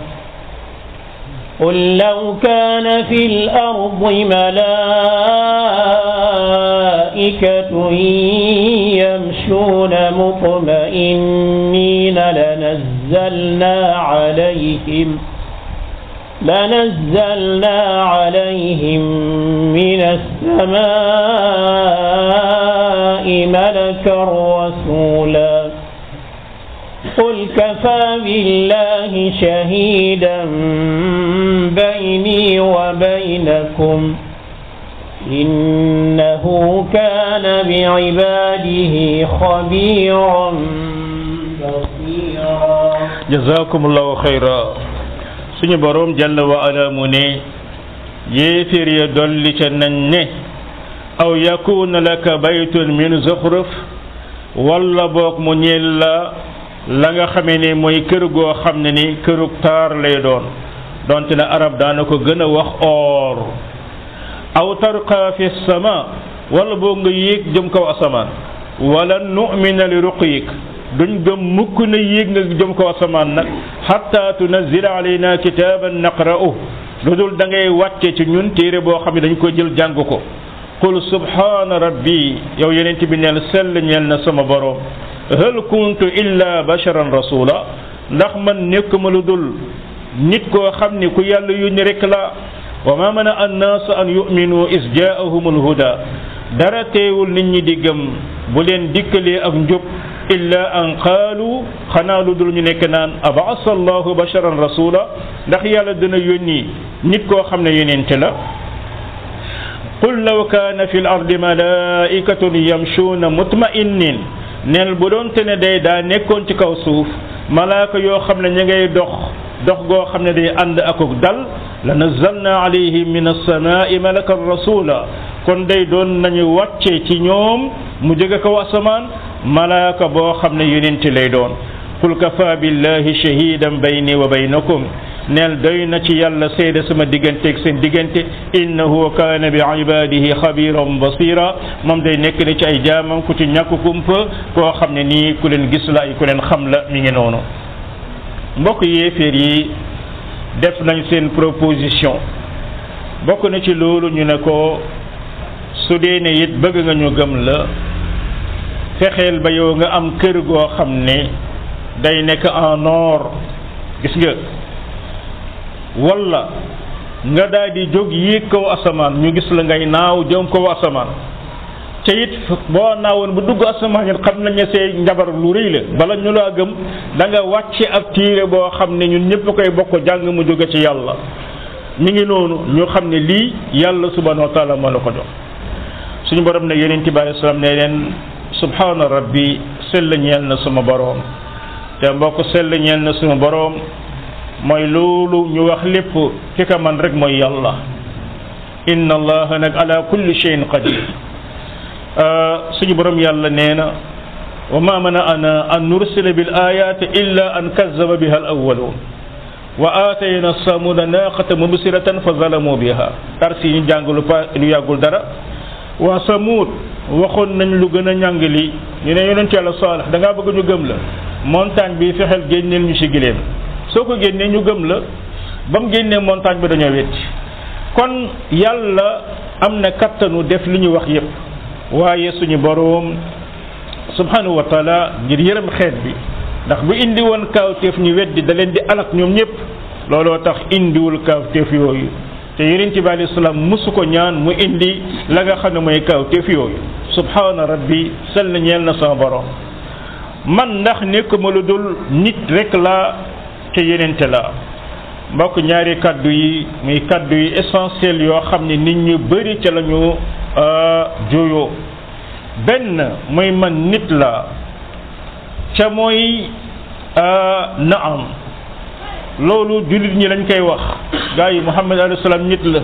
قل لو كان في الأرض ملائكة يمشون مطمئنين لنزلنا عليهم لنزلنا عليهم من السماء ملكا رسولا قل كفى بالله شهيدا بيني وبينكم إنه كان بعباده خبيرا بصيرا جزاكم الله خيرا suñu boroom jalla wa ala mu ne yéeféer ya dolli ca nañ ne aw yakuna laka baytun min zuxruf walla boog mu ñeel la la nga xame ni mooy kër goo xam ne ni kërug taar lay doon donte na arab daana ko gën a wax or aw tarqa fi sama walla boog nga yéeg jëm kaw asamaan wala nu'mina li ruqyik duñ gëm mukk na yéeg na jëm ko asamaan nag xatta tunazila alayna kitaban naqra'u lu dul da ngay wàcce ci ñun téere boo xam ne dañ ko jël jàng ko qul subhana rabbi yow yenent bi neel sell ñeel na sama borom hal kuntu illa basharan rasula ndax man nekkuma lu dul nit koo xam ni ku yàlla yónni rek la wa ma mana annaas an yuminu is jaahum alhuda dara teewul nit ñi di gëm bu leen dikkalee ak njub illa an qaalu xanaa lu dul ñu nekk naan abaasa allahu basharan rasula ndax yàlla dina yónni nit koo xam ne yonente la qul law kaana fi l ardi malaikatun yamshuuna mutmainnin neel bu doon te ne day daa nekkoon ci kaw suuf malaaka yoo xam ne ña ngay dox dox goo xam ne day ànd akuk dal la nazalna alayhim min alsamaai malakan rasula kon day doon nañu wàccee ci ñoom mu jóge kaw asamaan malaaka boo xam ne ci lay doon qul kafa billahi shahidan bayni wa baynakum neel doy na ci yàlla seede sama digganteeg seen diggante innahu kaana bi ibadihi xabiran basira moom day nekk ni ci ay jaamam ku ci ñàkk kumpa koo xam ne nii ku leen gis la ay ku leen xam la mi ngi noonu mbokk yéeféer yi def nañ seen proposition bokk na ci loolu ñu ne ko su dee ne it bëgg nga ñu gëm la fexeel ba yow nga am kër goo xam ne day nekk en noor gis nga walla nga daal jóg yéeg kaw asamaan ñu gis la ngay naaw jëm kaw asamaan te it boo naawoon bu dugg asamaan it xam nañ ne see njabar lu rëy bala ñu laa gëm danga wàcc wàcce ab tiire boo xam ne ñun ñëpp koy bokk jàng mu jóge ci yàlla mi ngi noonu ñu xam ne lii yàlla subhanahu wa taala moo la ko jox suñu borom ne yenen tibari sallam ne len subhana rabbi sel ñel na suma borom te mbokk sel ñel na suma borom moy loolu ñu wax lépp ki ka man rek moy yàlla inna allaha nak ala kulli shay'in qadir suñu borom yàlla neena na وما منعنا أن نرسل بالآيات إلا أن كذب بها الأولون وآتينا الصامود ناقة مبصرة فظلموا بها ترسي نجانغلو لو يقول درا waa Samuud waxoon nañ lu gën a ñàng li ñu ne yonent yàlla Saalix da ngaa bëgg ñu gëm la montagne bi fexeel génneel ñu ci gileem soo ko génnee ñu gëm la ba mu génnee montagne bi dañoo wetti kon yàlla am na kattanu def li ñu wax yépp waaye suñu boroom subhanahu wa taala ngir yërëm xeet bi ndax bu indi woon kaawteef ñu weddi da leen di alak ñoom ñépp looloo tax indiwul kaawteef yooyu te yonent bi alayhi salaam mosu ko ñaan mu indi la nga xam ne mooy kaw te fi yooyu subhaana rabbi sell na ñeel na sama borom man ndax nekkuma lu dul nit rek la te yonente la mbokk ñaari kàddu yi muy kàddu yi essentiel yoo xam ne nit ñu bari ca lañu ñu euh, juyoo benn mooy man nit la ca mooy euh, naam loolu jullit ñi lañ koy wax gaa yi muhammad alayhi salaam nit la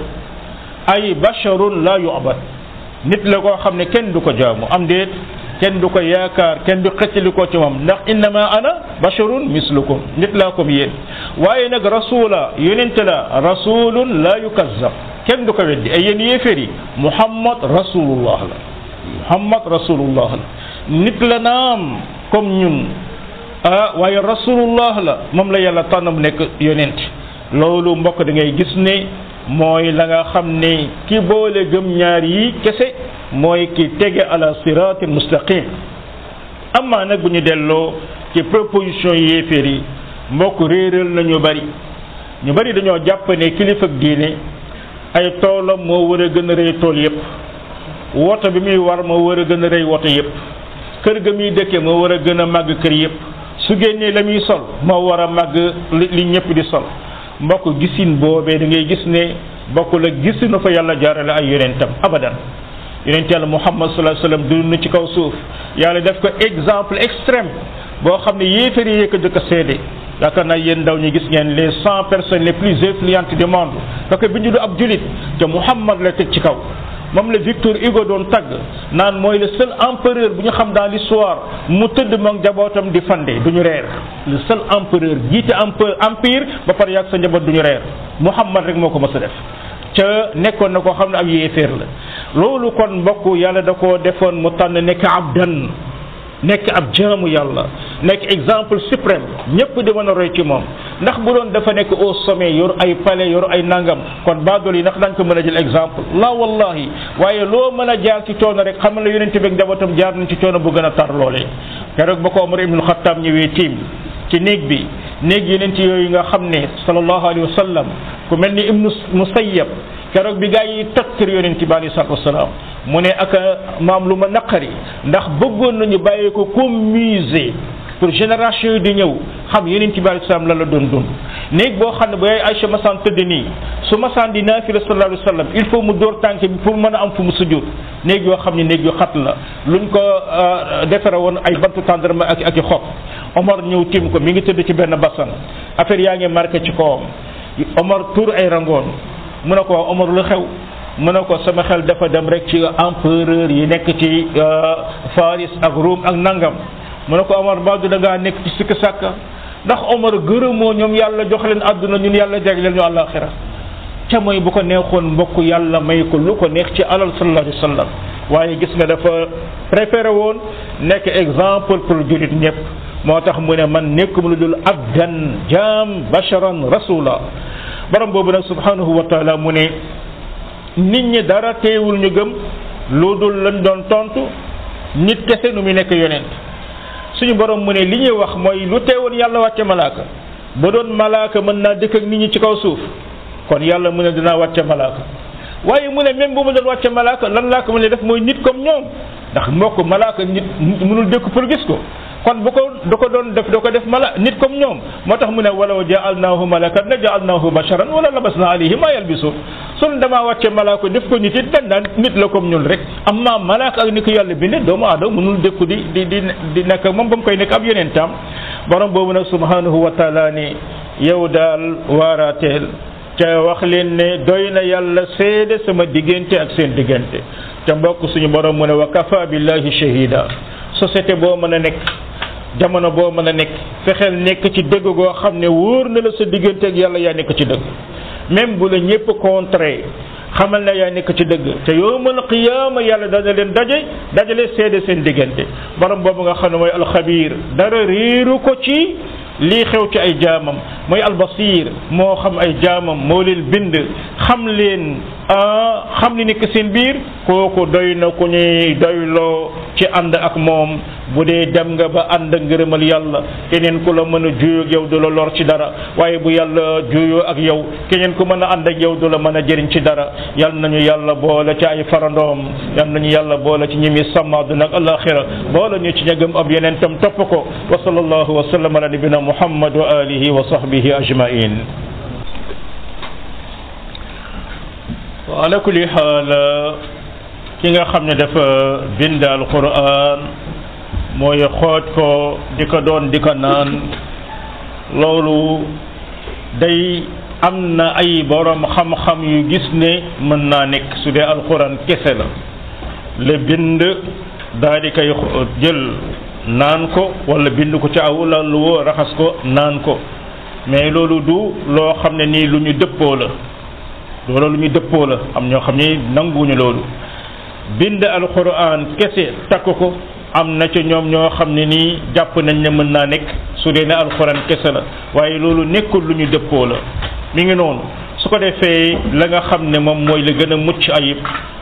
ay basharun la yu'bad nit la koo xam ne kenn du ko jaamu am déet kenn du ko yaakaar kenn du xëccali ko ci moom ndax innama ana basharun mislukum nit laa ko yéen waaye nag rasula yonent la rasulun la yukazzab kenn du ko weddi ay yéen yéeféer yi muhammad rasulullah la muhammad rasulullah la nit la naam comme ñun ah waaye rasulullah la moom la yàlla tànn mu nekk yonent loolu mbokk da ngay gis ni mooy la nga xam ni ki boole gëm ñaar yi kese mooy ki tege ala siraatil mustaqim amaa nag bu ñu delloo ci proposition yéeféer yi mbokk réeral nañu bari ñu bari dañoo jàpp ne kilifa ak diine ay toolam moo war a gën a rëy tool yépp woto bi muy war moo war a gën a rëy woto yépp kër gëm muy dëkke moo war a gën a màgg kër yépp su génnee la muy sol moo war a màgg li ñëpp di sol mbokk gisin boobee da ngay gis ne bokkul ak gis na fa yàlla jaarale ay yonentam abadan yonent yàlla muhammad sallallahu alayhi wasallam dund na ci kaw suuf yàlla def ko exemple extrême boo xam ne yéefar yi ko jëkk a seede yaakaar naa yéen ndaw ñi gis ngeen les cent personnes les plus influentes du monde parce que bi ñu du ab julit te muhammad la teg ci kaw moom la Victor Hugo doon tagg naan mooy le seul empereur bu ñu xam dans l'histoire mu tëdd moom njabootam di fande du ñu reer le seul empereur jiite empire ba pare yàgg sa njaboot du ñu reer Muhammad rek moo ko mës a def ca nekkoon na koo xam ne ab yéeféer la loolu kon mbokk yàlla da koo defoon mu tànn nekk ab abdan nekk ab jaamu yàlla nekk exemple suprême ñëpp di mën a roy ci moom ndax bu doon dafa nekk au sommet yor ay palais yor ay nangam kon baadool yi ndax dañ ko mën a jël exemple la wallahi waaye loo mën a jaar ci coono rek xamal la yonente beeg njabootam jaar nañ ci coono bu gën a tar loolee keroog ba ko Omar ibnul Xattaab ñëwee tiim ci néeg bi néeg yeneen ci yooyu nga xam ne sallallahu alayhi wa sallam ku mel ni ibnu musayyab keroog bi gaa yi toj kër yonent bi alayhi salaatu wasalaam mu ne ak maam lu ma naqari ndax bëggoon nañu bàyyi ko comme musée pour génération yi di ñëw xam yeneen ci bari salaam lan la doon dund néeg boo xam ne bu yaay Aïcha masaan tëdd nii su masaan di naafila sallallahu alayhi wa sallam il faut mu dóor tànk bi pour mën a am fu mu sujjóot néeg yoo xam ne néeg yu xat la luñ ko euh, defare woon ay bantu tàndarma ak ak i xob Omar ñëw tiim ko mi ngi tëdd ci benn basan affaire yaa ngi marqué ci kawam Omar tuur ay rangoon mu ne ko waaw Omar lu xew mu ne ko sama xel dafa dem rek ci empereur yi nekk ci euh, Faris ak Rome ak nangam mu ne ko Omar Badou da nekk ci sikk sàkka ndax Omar gërëmoo ñoom yàlla jox leen àdduna ñun yàlla jagleel ñu àllaaxira ca mooy bu ko neexoon mbokk yàlla may ko lu ko neex ci alal sallallahu alayhi waaye gis nga dafa préféré woon nekk exemple pour jullit ñëpp moo tax mu ne man nekkum lu dul abdan jaam basharan rasuula borom boobu nag subhanahu wa taala mu ne nit ñi dara teewul ñu gëm lu dul doon tontu nit kese nu mu nekk yonent suñu borom mu ne li ñuy wax mooy lu teewoon yàlla wàcce malaaka ba doon malaaka mën naa dëkk ak nit ñi ci kaw suuf kon yàlla mu ne dinaa wàcce malaaka waaye mu ne même bu ma doon wàcce malaaka lan laa ko mën a def mooy nit comme ñoom ndax mbokk malaaka nit mu mënul dëkk pour gis ko kon bu ko da ko doon def da ko def mala nit comme ñoom moo tax mu ne walaw jaalnaahu malakan la jaalnaahu basharan wala labasna alayhi ma yalbisu sun damaa wàcce malaaka def ko nit it dañ nit la comme ñun rek am naa malaaka ak ni ko yàlla bindee doomu aadama mënul dëkku di di di di nekk moom ba mu koy nekk ab yonentam borom boobu nag subhanahu wa taala ni yow daal waaraateel te wax leen ne doy na yàlla seede sama diggante ak seen diggante te mbokk suñu borom mu ne wa kafa billahi shahida société boo mën a nekk jamono boo mën a nekk fexeel nekk ci dëgg goo xam ne wóor na la sa diggante ak yàlla yaa nekk ci dëgg même bu la ñépp contré xamal na yaa nekk ci dëgg te yoo mën yowmal qiyaama yàlla dana leen daje dajale seede seen diggante borom boobu nga xam ne mooy alxabiir dara réeru ko ci li xew ci ay jaamam moy al basir mo xam ay jaamam mo leen bind xam leen xam li nek seen biir koko doy na ñi ñuy doyloo ci ànd ak mom bu dee dem nga ba ànd ak ngërëmal yàlla keneen ku la mën a juyoo ak yow du la lor ci dara waaye bu yàlla juyoo ak yow keneen ku mën a ànd ak yow du la mën a jëriñ ci dara yal nañu yàlla boole ci ay farandoom yal nañu yàlla boole ci ñi mi sàmm àdduna ak alaxira boole ñu ci ña gëm ab yeneen tam topp ko wa sallallahu wa sallam ala nabina muhammad wa alihi wa sahbihi ajmain wa ala kulli xaal ki nga xam ne dafa bind alquran mooy xooj ko di ko doon di ko naan loolu day am na ay borom xam-xam yu gis ne mën naa nekk su dee alxuraan kese la la bind daal di koy jël naan ko walla bind ko ci aw la lu woo raxas ko naan ko mais loolu du loo xam ne nii lu ñu dëppoo la loolu lu ñu dëppoo la am ñoo xam ni nanguwuñu loolu bind alxuraan kese takk ko am na ci ñoom ñoo xam ne nii jàpp nañ ne mën naa nekk su dee ne alxuraan kese la waaye loolu nekkul lu ñu dëppoo la mi ngi noonu su ko defee la nga xam ne moom mooy la gën a mucc ayib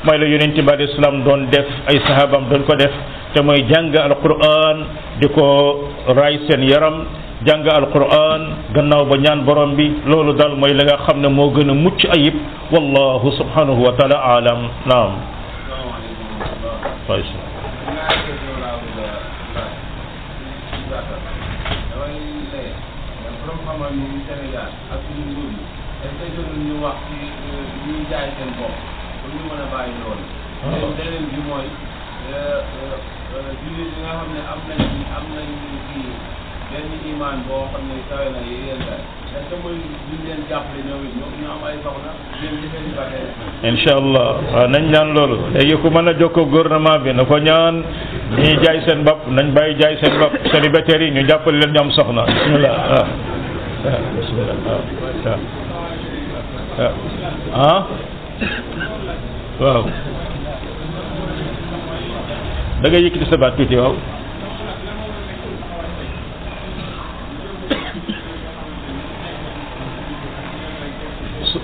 mooy la yonent bi alayhi salaam doon def ay sahabaam doon ko def te mooy jàng alquran di ko raay seen yaram jàng alquran gannaaw ba ñaan borom bi loolu daal mooy la nga xam ne moo gën a mucc ayib wallahu subhanahu wa taala alam naam xamal ni Sénégal ak suñu nguur gi est ce que jotul ñu wax ci euh, ñuy jaay seen bopp ba ñu mën a bàyyi loolu. waaw ah. leneen bi mooy euh, euh, jullit yi nga xam ne am nañu am nañu kii benn imaan boo xam ne kawe na yéen daal est ce que mooy duñ leen jàppale ñoom it ñoom ñu am ay soxna ñoom ñu seen i bakkan. incha allah waaw nañ ñaan loolu léegi ku mën a jokkoo gouvernement bi na ko ñaan. ñuy jaay seen bopp nañ bàyyi jaay seen bopp célibataires yi ñu jàppale leen ñu am soxna bismillah bismillah waaw waaw ah waaw da nga yëkkati sa baat tuuti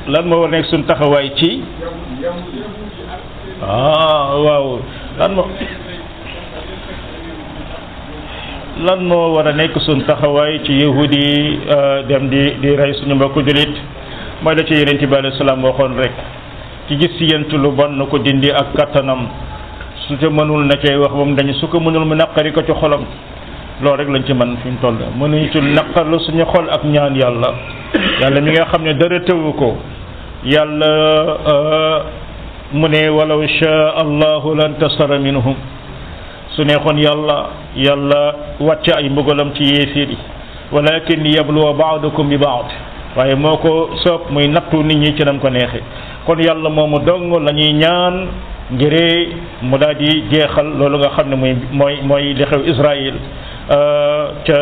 lan moo war nekk suñ taxawaay ci ah waaw lan moo lan mo wara nek sun taxaway ci yahudi eh, dem di di ray suñu mbokk julit ma la ci yenen ci bala salam waxon rek ci gis ci yentu lu bon ko dindi ak katanam su ci manul na cey wax bam dañ su manul mu nakari ko ci xolam lool rek lañ ci man fiñ toll mu ci nakar lu suñu xol ak ñaan yalla yalla mi nga xamne dara tewuko yalla mu ne walaw sha allah ya ya eh, lan tasara minhum su neexoon yàlla yàlla wàcce ay mbugalam ci yéeféer yi walakin yabluwa baadukum bi baad waaye moo ko soob muy nattu nit ñi ci nam ko neexe kon yàlla moomu dong la ñuy ñaan ngir mu daal di jeexal loolu nga xam ne mooy mooy mooy li xew Israël euh, ca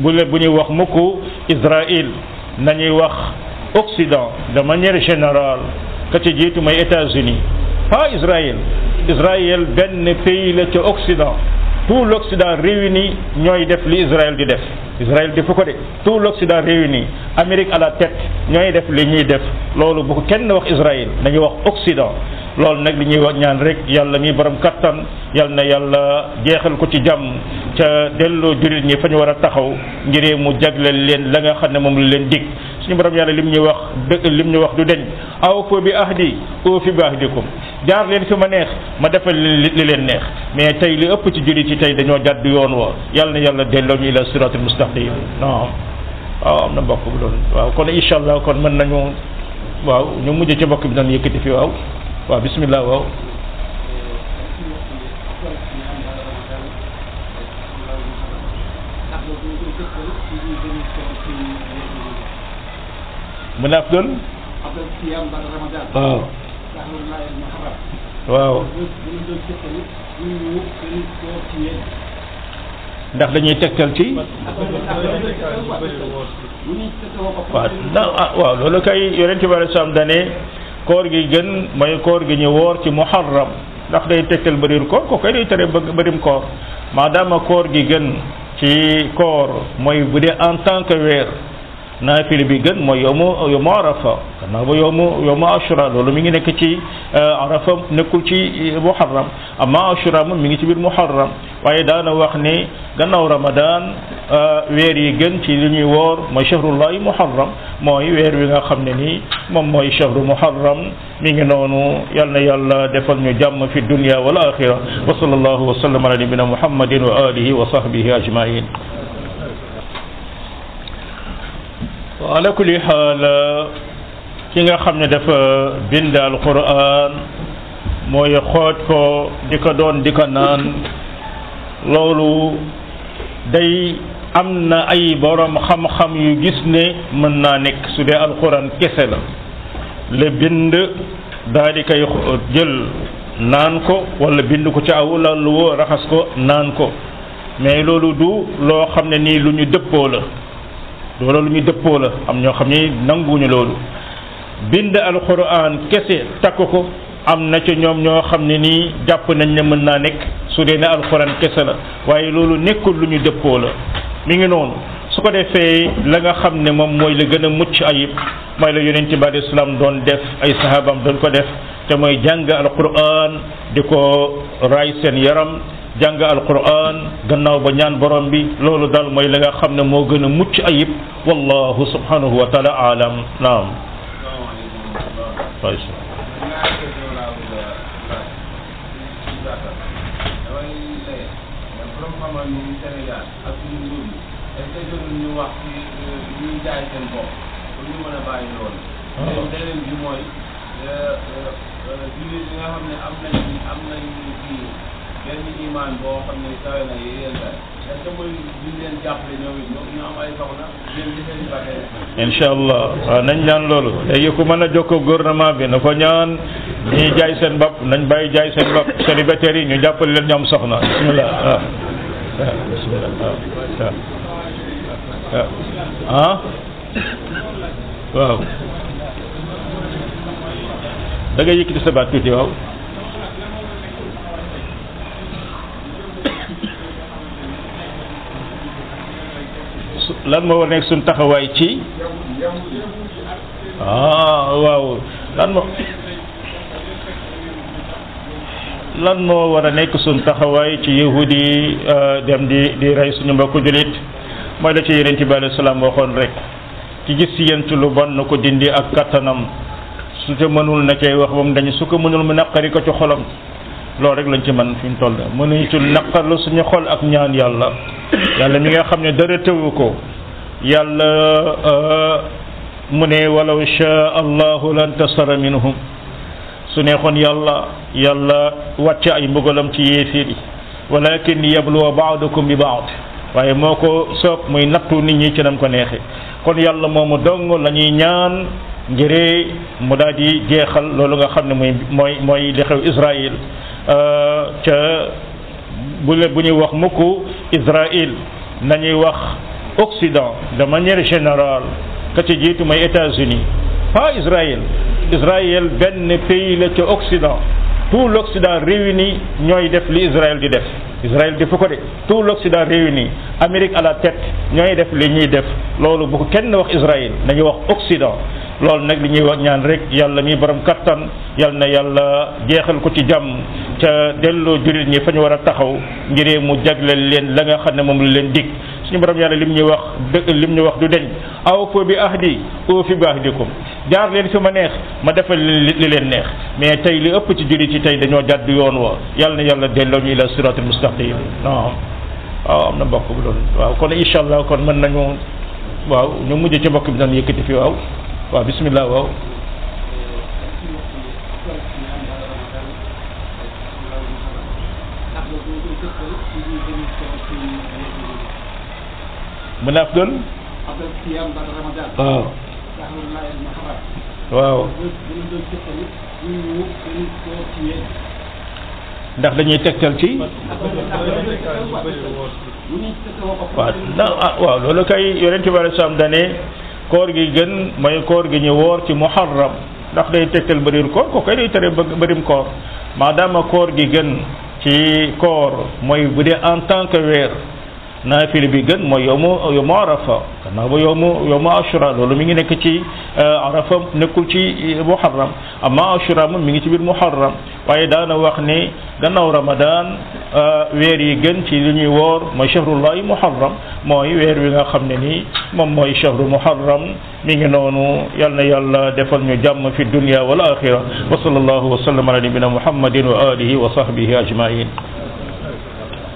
bu le bu ñuy wax mukk Israël nañuy wax Occident de manière générale ka ci jiitu mooy États-Unis pas Israël Israël benn pays la ca Occident tout l'Occident réuni ñooy def li Israël di def Israël defu ko de tout l'Occident réuni Amérique à la tête ñooy def li ñuy def loolu bu ko kenn wax Israël dañuy wax Occident loolu nag li ñuy wax ñaan rek yàlla ñuy borom kattan yàlla na yàlla jeexal ko ci jàmm ca delloo jullit ñi fa ñu war a taxaw ngir mu jagleel leen la nga xam ne moom la leen dig suñu borom yàlla mu ñu wax dë mu ñu wax du deñ aw fo bi ahdi oofi bi ahdikum jaar leen fi ma neex ma defal li li leen neex mais tey li ëpp ci jullit ci tey dañoo jàdd yoon woo yàlla na yàlla delloo ñu ila siratul mustaqim non waaw am na mbokk bu doon waaw kon incha allah kon mën nañu waaw ñu mujj ci mbokk bi doon yëkkati fi waaw waaw bisimilah waaw. mu ne afdal. waaw. waaw. ndax dañuy tegtal ci. waaw ah, waaw loolu kay yonent bi alayhi salaam dane koor gi gën mooy koor gi ñu woor ci muharram ndax day tegtal bëriwul koor ko koy day tere bërim koor maadaama koor gi gën ci koor mooy bu dee en tant que weer naafile bi gën mooy yomu yomu arafa gannaaw ba yomu yomu ashura loolu mi ngi nekk ci arafa nekkul ci muharram amma ashura moom mi ngi ci biir muharram waaye daana wax ni gannaaw ramadan weer yi gën ci li ñuy woor mooy shahrullahi muharram mooy weer wi nga xam ne ni moom mooy shahru muharram mi ngi noonu yal na yàlla defal ñu jàmm fi dunia wal axira wa sallallahu wa sallam ala nabina muhammadin wa alihi wa sahbihi ajmain ala kulli xaal ki nga xam ne dafa bind alquran mooy xooj ko di ko doon di ko naan loolu day am na ay borom xam-xam yu gis ne mën naa nekk su dee alquran kese la la bind daal di koy jël naan ko walla bind ko ci aw la lu woo raxas ko naan ko mais loolu du loo xam ne nii lu ñu dëppoo la loolu lu ñu dëppoo la am ñoo xam ni nanguwuñu loolu bind alxuraan kese takk ko am na ca ñoom ñoo xam ne nii jàpp nañ ne mën naa nekk su dee ne alxuraan kese la waaye loolu nekkul lu ñu dëppoo la mi ngi noonu su ko defee la nga xam ne moom mooy la gën a mucc ayib mooy la yonente bi alayhi salaam doon def ay sahabaam doon ko def te mooy jàng alquran di ko raay seen yaram jang alquran gannaaw ba ñaan borom bi loolu dal mooy la nga xam ne moo gën a mucc ayib wallahu subhanahu wa taala alam naam Uh, uh, benn imaan boo na ñu nañ ñaan loolu léegi ku mën a jokkoo gouvernement bi na ko ñaan ñi jaay seen bopp nañ bàyyi jaay seen bopp célibataires yi ñu jàppale leen ñu am soxna bisimilah waaw bisimilah waaw ah waaw da ngay sa baat tuuti waaw. lan moo war nekk suñ taxawaay ci ah, waaw lan moo war a nekk suñ taxawaay ci yahudi euh, dem di di rey suñu mbokku jullit mooy la ci yeneen bi alei salaam waxoon rek ki gis si yent lu bon na ko dindi ak kàttanam su te mënul na cay wax ba mu dañu su ko mënul mu naqari ko ci xolam loolu rek lañ ci mën fi ñu mu toll mënuñu ci naqarlu suñu xol ak ñaan yàlla yàlla mi nga xam ne dara tëwu ko yàlla euh, mu ne walaw shaa allahu lan minhum su neexoon yàlla yàlla wàcce ay mbugalam ci yéeféer yi walakin yabluwa baadukum bi baad waaye moo ko soob muy nattu nit ñi ci nam ko neexe kon yàlla moomu dong la ñuy ñaan ngiree mu daal jeexal loolu nga xam ne mooy mooy mooy li xew Israël euh, ca bu le bu ñuy wax mukk Israël nañuy wax Occident de manière générale ka ca jiitu mooy États-Unis pa Israël Israël benn pays la ca Occident tout l'Occident réuni ñooy def li Israël di def Israël defu ko de tout l'Occident réuni Amérique à la tête ñooy def li ñuy def loolu bu ko kenn wax Israël nañu wax Occident loolu nag li ñuy wax ñaan rek yàlla mi borom kattan yal na yàlla jeexal ko ci jàmm ca delloo jullit ñi fa ñu war a taxaw ngir mu jagleel leen la nga xam ne moom la leen dikk suñu borom yàlla lim ñuy wax dë lim ñuy wax du deñ aw fo bi ahdi uufi bi ahdikum jaar leen fi ma neex ma defal li leen neex mais tey li ëpp ci jullit ci tey dañoo jàdd yoon wa yàlla na yàlla delloo ñu ila siratul mustaqim non waaw am na mbokk bu loolu waaw kon incha allah kon mën nañu waaw ñu mujj ci mbokk bi doon yëkkati fi aw waaw bismillah waaw mën naa waaw. waaw. ndax dañuy tegtal ci. waaw non ah waaw loolu kay yonent bi alayhi salaam dane koor gi gën mooy koor gi ñu woor ci muharram ndax day tegtal bëriwul koor ko koy day tere bërim koor maadaama koor gi gën ci koor mooy bu dee en tant que weer. نافل بي گن مو يوم يوم عرفه كما بو يوم يوم عاشوراء لولو ميغي نيك تي آه، عرفه نيكول تي آه، محرم اما عاشوراء ميغي تي بير محرم واي دا نا واخ گناو رمضان آه، وير گن تي لي ني وور ما شهر الله محرم موي وير ويغا خامني ني موم موي شهر محرم ميغي نونو يالنا يالا ديفال ني جام في الدنيا والاخره وصلى الله وسلم على نبينا محمد واله وصحبه اجمعين